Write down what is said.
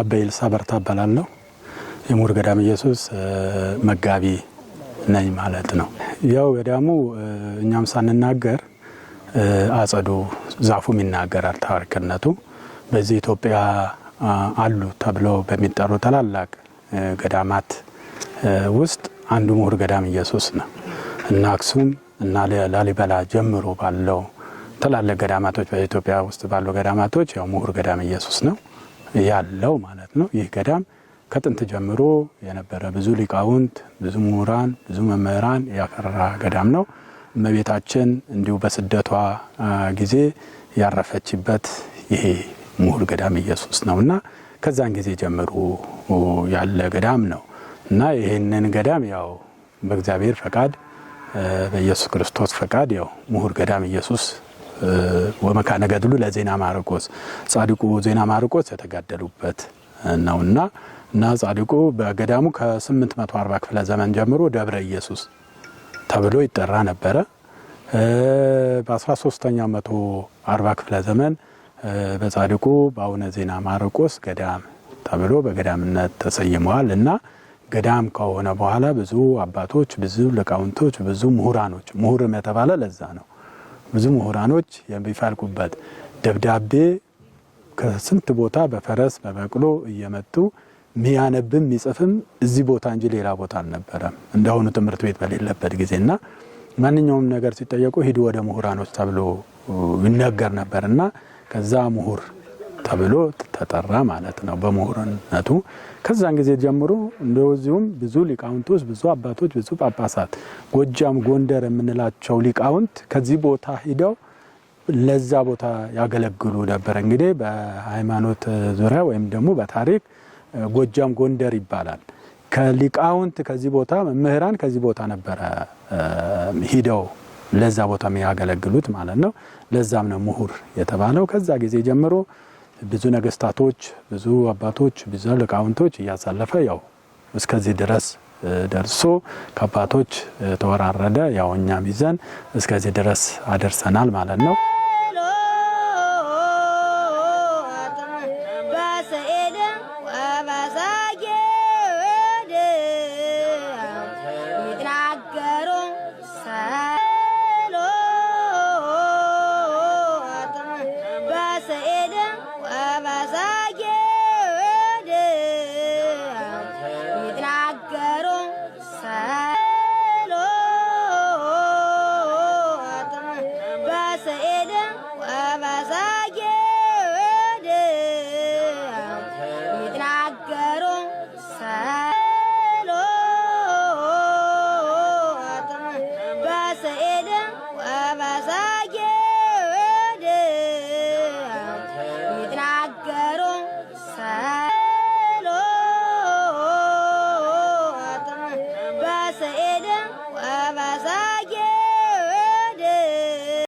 አበይልሳ ልሳ በርታ እባላለሁ። የምሁር ገዳም ኢየሱስ መጋቢ ነኝ ማለት ነው። ያው ገዳሙ እኛም ሳንናገር አጸዱ ዛፉም ይናገራል ታሪክነቱ። በዚህ ኢትዮጵያ አሉ ተብለው በሚጠሩ ታላላቅ ገዳማት ውስጥ አንዱ ምሁር ገዳም ኢየሱስ ነው እና አክሱም እና ላሊበላ ጀምሮ ባለው ትላልቅ ገዳማቶች በኢትዮጵያ ውስጥ ባሉ ገዳማቶች ያው ምሁር ገዳም ኢየሱስ ነው። ያለው ማለት ነው። ይህ ገዳም ከጥንት ጀምሮ የነበረ ብዙ ሊቃውንት፣ ብዙ ምሁራን፣ ብዙ መምህራን ያፈራ ገዳም ነው። እመቤታችን እንዲሁ በስደቷ ጊዜ ያረፈችበት ይሄ ምሁር ገዳም ኢየሱስ ነው እና ከዛን ጊዜ ጀምሮ ያለ ገዳም ነው እና ይህንን ገዳም ያው በእግዚአብሔር ፈቃድ በኢየሱስ ክርስቶስ ፈቃድ ያው ምሁር ገዳም ኢየሱስ ወመካነ ገድሉ ለዜና ማርቆስ ጻድቁ ዜና ማርቆስ የተጋደሉበት ነውና እና ጻድቁ በገዳሙ ከ840 ክፍለ ዘመን ጀምሮ ደብረ ኢየሱስ ተብሎ ይጠራ ነበረ። በ13ኛው መቶ 40 ክፍለ ዘመን በጻድቁ በአቡነ ዜና ማርቆስ ገዳም ተብሎ በገዳምነት ተሰይመዋል እና ገዳም ከሆነ በኋላ ብዙ አባቶች፣ ብዙ ሊቃውንቶች፣ ብዙ ምሁራኖች ምሁርም የተባለ ለዛ ነው ብዙ ምሁራኖች የሚፈልቁበት ደብዳቤ ከስንት ቦታ በፈረስ በበቅሎ እየመጡ ሚያነብም ሚጽፍም እዚህ ቦታ እንጂ ሌላ ቦታ አልነበረም እንደአሁኑ ትምህርት ቤት በሌለበት ጊዜና ማንኛውም ነገር ሲጠየቁ ሂዱ ወደ ምሁራኖች ተብሎ ይነገር ነበር እና ከዛ ምሁር ተብሎ ተጠራ ማለት ነው በምሁርነቱ። ከዛን ጊዜ ጀምሮ እንደዚሁም ብዙ ሊቃውንቶች፣ ብዙ አባቶች፣ ብዙ ጳጳሳት ጎጃም፣ ጎንደር የምንላቸው ሊቃውንት ከዚህ ቦታ ሂደው ለዛ ቦታ ያገለግሉ ነበር። እንግዲህ በሃይማኖት ዙሪያ ወይም ደግሞ በታሪክ ጎጃም ጎንደር ይባላል። ከሊቃውንት ከዚህ ቦታ መምህራን ከዚህ ቦታ ነበረ ሂደው ለዛ ቦታ የሚያገለግሉት ማለት ነው። ለዛም ነው ምሁር የተባለው። ከዛ ጊዜ ጀምሮ ብዙ ነገስታቶች፣ ብዙ አባቶች፣ ብዙ ሊቃውንቶች እያሳለፈ ያው እስከዚህ ድረስ ደርሶ ከአባቶች ተወራረደ። ያው እኛም ይዘን እስከዚህ ድረስ አደርሰናል ማለት ነው። say